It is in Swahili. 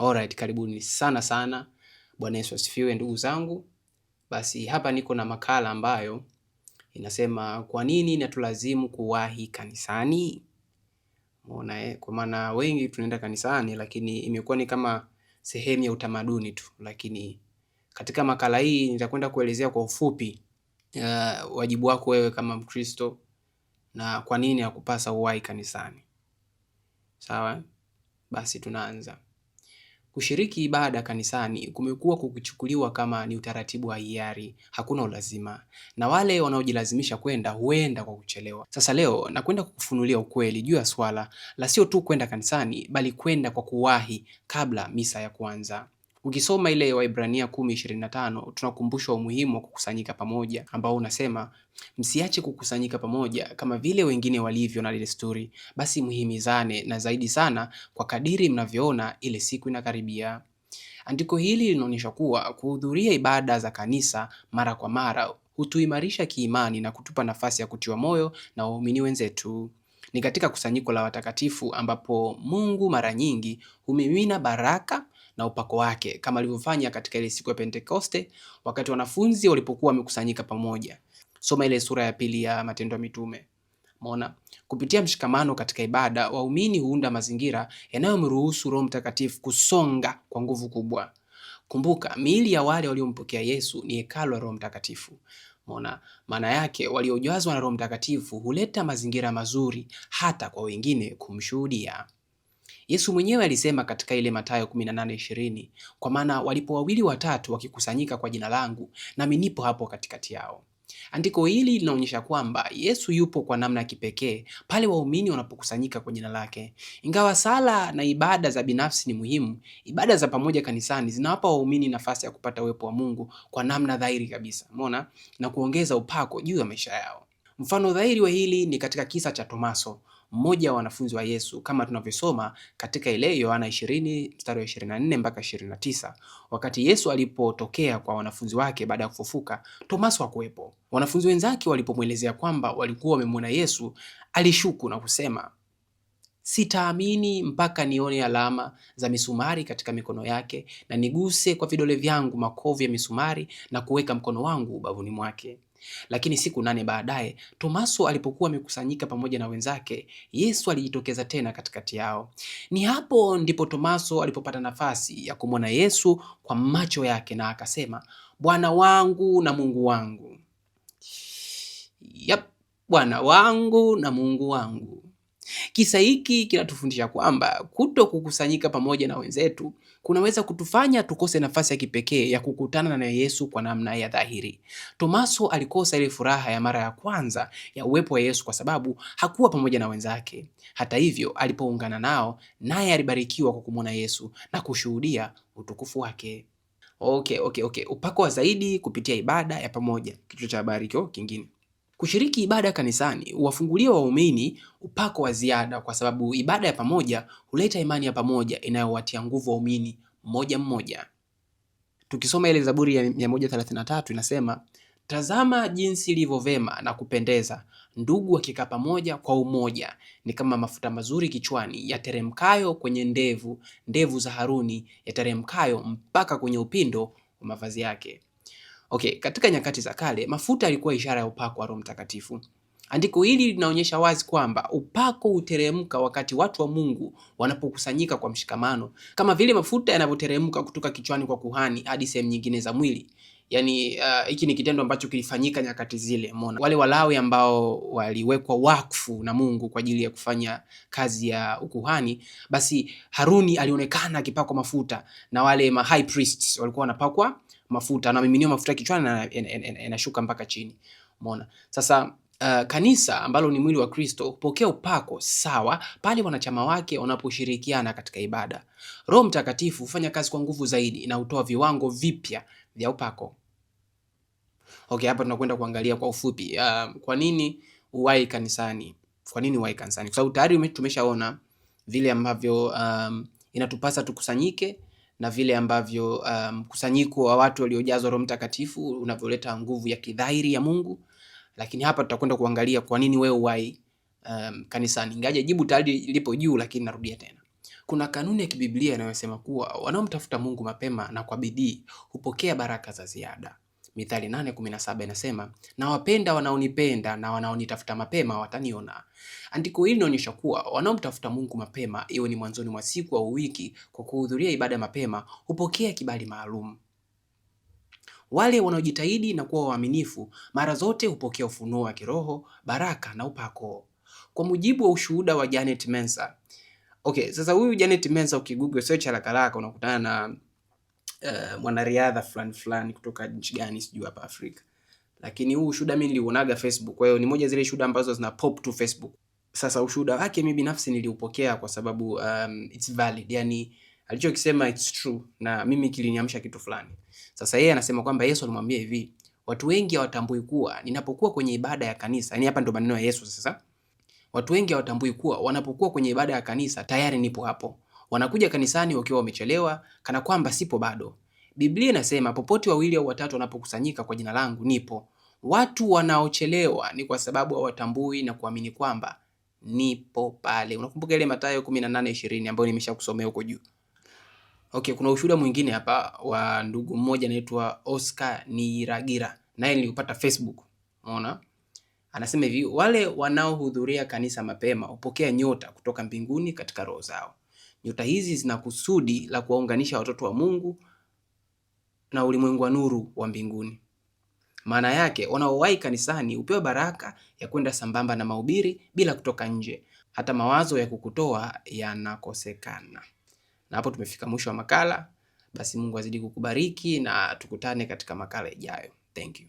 Alright, karibuni sana sana. Bwana Yesu asifiwe ndugu zangu. Basi hapa niko na makala ambayo inasema kwa nini natulazimu kuwahi kanisani? Unaona eh, kwa maana wengi tunaenda kanisani lakini imekuwa ni kama sehemu ya utamaduni tu, lakini katika makala hii nitakwenda kuelezea kwa ufupi uh, wajibu wako wewe kama Mkristo na kwa nini hakupasa uwahi kanisani. Sawa? Basi tunaanza. Kushiriki ibada kanisani kumekuwa kukichukuliwa kama ni utaratibu wa hiari, hakuna ulazima, na wale wanaojilazimisha kwenda huenda kwa kuchelewa. Sasa leo nakwenda kukufunulia ukweli juu ya swala la sio tu kwenda kanisani, bali kwenda kwa kuwahi kabla misa ya kuanza. Ukisoma ile Waibrania 10:25 tunakumbushwa umuhimu wa kukusanyika pamoja, ambao unasema msiache kukusanyika pamoja kama vile wengine walivyo na desturi, basi mhimizane, na zaidi sana kwa kadiri mnavyoona ile siku inakaribia. Andiko hili linaonyesha kuwa kuhudhuria ibada za kanisa mara kwa mara hutuimarisha kiimani na kutupa nafasi ya kutiwa moyo na waumini wenzetu. Ni katika kusanyiko la watakatifu ambapo Mungu mara nyingi humimina baraka na upako wake kama alivyofanya katika ile siku ya Pentekoste wakati wanafunzi walipokuwa wamekusanyika pamoja. Soma ile sura ya pili ya Matendo ya Mitume. Mona, kupitia mshikamano katika ibada, waumini huunda mazingira yanayomruhusu Roho Mtakatifu kusonga kwa nguvu kubwa. Kumbuka, miili ya wale waliompokea Yesu ni hekalu la Roho Mtakatifu. Mona, maana yake waliojazwa na Roho Mtakatifu huleta mazingira mazuri hata kwa wengine kumshuhudia. Yesu mwenyewe alisema katika ile Mathayo 18:20, kwa maana walipo wawili watatu wakikusanyika kwa jina langu, nami nipo hapo katikati yao. Andiko hili linaonyesha kwamba Yesu yupo kwa namna ya kipekee pale waumini wanapokusanyika kwa jina lake. Ingawa sala na ibada za binafsi ni muhimu, ibada za pamoja kanisani zinawapa waumini nafasi ya kupata uwepo wa Mungu kwa namna dhahiri kabisa, umeona, na kuongeza upako juu ya maisha yao. Mfano dhahiri wa hili ni katika kisa cha Tomaso mmoja wa wanafunzi wa Yesu kama tunavyosoma katika ile Yohana 20 mstari wa 24 mpaka 29. Wakati Yesu alipotokea kwa wanafunzi wake baada ya kufufuka, Tomaso hakuwepo. Wanafunzi wenzake walipomwelezea kwamba walikuwa wamemwona Yesu, alishuku na kusema, sitaamini mpaka nione alama za misumari katika mikono yake na niguse kwa vidole vyangu makovu ya misumari na kuweka mkono wangu ubavuni mwake. Lakini siku nane baadaye, Tomaso alipokuwa amekusanyika pamoja na wenzake, Yesu alijitokeza tena katikati yao. Ni hapo ndipo Tomaso alipopata nafasi ya kumwona Yesu kwa macho yake, na akasema, Bwana wangu na Mungu wangu. Yep, Bwana wangu na Mungu wangu. Kisa hiki kinatufundisha kwamba kuto kukusanyika pamoja na wenzetu kunaweza kutufanya tukose nafasi ya kipekee ya kukutana na Yesu kwa namna ya dhahiri. Tomaso alikosa ile furaha ya mara ya kwanza ya uwepo wa Yesu kwa sababu hakuwa pamoja na wenzake. Hata hivyo, alipoungana nao, naye alibarikiwa kwa kumwona Yesu na kushuhudia utukufu wake. Okay, okay, okay. Upako wa zaidi kupitia ibada ya pamoja. Kichwa cha habari kingine Kushiriki ibada kanisani huwafungulia waumini upako wa ziada, kwa sababu ibada ya pamoja huleta imani ya pamoja inayowatia nguvu waumini mmoja mmoja. Tukisoma ile Zaburi ya 133 inasema, tazama jinsi ilivyo vema na kupendeza ndugu wakikaa pamoja kwa umoja, ni kama mafuta mazuri kichwani yateremkayo kwenye ndevu, ndevu za Haruni yateremkayo mpaka kwenye upindo wa mavazi yake. Okay, katika nyakati za kale mafuta yalikuwa ishara ya upako wa Roho Mtakatifu. Andiko hili linaonyesha wazi kwamba upako huteremka wakati watu wa Mungu wanapokusanyika kwa mshikamano, kama vile mafuta yanavyoteremka kutoka kichwani kwa kuhani hadi sehemu nyingine za mwili. Yaani hiki uh, ni kitendo ambacho kilifanyika nyakati zile. Umeona wale Walawi ambao waliwekwa wakfu na Mungu kwa ajili ya kufanya kazi ya ukuhani, basi Haruni alionekana akipakwa mafuta na wale ma high priests walikuwa wanapakwa mafuta, anamiminiwa mafuta kichwani na inashuka mpaka chini. Umeona? Sasa Uh, kanisa ambalo ni mwili wa Kristo hupokea upako sawa pale wanachama wake wanaposhirikiana katika ibada. Roho Mtakatifu hufanya kazi kwa nguvu zaidi na hutoa viwango vipya vya upako. Okay, hapa tunakwenda kuangalia kwa ufupi, uh, kwa nini uwai kanisani? Kwa nini uwai kanisani? Kwa sababu tayari tumeshaona vile ambavyo um, inatupasa tukusanyike na vile ambavyo um, mkusanyiko um, wa watu waliojazwa Roho Mtakatifu unavyoleta nguvu ya kidhahiri ya Mungu. Lakini hapa tutakwenda kuangalia kwa nini wewe uwai um, kanisani, ingaje jibu tayari lipo juu, lakini narudia tena, kuna kanuni ya kibiblia inayosema kuwa wanaomtafuta Mungu mapema na kwa bidii hupokea baraka za ziada. Mithali 8:17 inasema, nawapenda wanaonipenda na wanaonitafuta mapema wataniona. Andiko hili linaonyesha kuwa wanaomtafuta Mungu mapema, iwe ni mwanzoni mwa siku au wiki, kwa kuhudhuria ibada mapema, hupokea kibali maalum. Wale wanaojitahidi na kuwa waaminifu mara zote hupokea ufunuo wa kiroho, baraka na upako, kwa mujibu wa ushuhuda wa Janet Mensa. Okay, sasa huyu Janet Mensa ukigoogle search haraka haraka unakutana na Eh, mwanariadha fulani fulani kutoka nchi gani sijui hapa Afrika. Lakini huu ushuhuda mimi nilionaga Facebook. Kwa hiyo ni moja zile shuhuda ambazo zina pop tu Facebook. Sasa ushuhuda wake mimi binafsi niliupokea kwa sababu um, it's valid. Yaani alichokisema it's true na mimi kiliniamsha kitu fulani. Sasa yeye anasema kwamba Yesu alimwambia hivi, watu wengi hawatambui kuwa ninapokuwa kwenye ibada ya kanisa, Yaani hapa ndo maneno ya Yesu sasa. Watu wengi hawatambui kuwa wanapokuwa kwenye ibada ya kanisa tayari nipo hapo wanakuja kanisani wakiwa wamechelewa, kana kwamba sipo bado. Biblia inasema popote wawili au watatu wanapokusanyika kwa jina langu nipo. Watu wanaochelewa ni kwa sababu hawatambui na kuamini kwamba nipo pale. Unakumbuka ile Mathayo 18:20 ambayo nimeshakusomea huko juu. Okay, kuna ushuhuda mwingine hapa wa ndugu mmoja anaitwa Oscar Niragira, naye niliupata Facebook. Unaona? Anasema hivi, wale wanaohudhuria kanisa mapema hupokea nyota kutoka mbinguni katika roho zao. Nyota hizi zina kusudi la kuwaunganisha watoto wa Mungu na ulimwengu wa nuru wa mbinguni. Maana yake wanaowahi kanisani upewe baraka ya kwenda sambamba na mahubiri bila kutoka nje, hata mawazo ya kukutoa yanakosekana. Na hapo tumefika mwisho wa makala. Basi Mungu azidi kukubariki na tukutane katika makala ijayo. Thank you.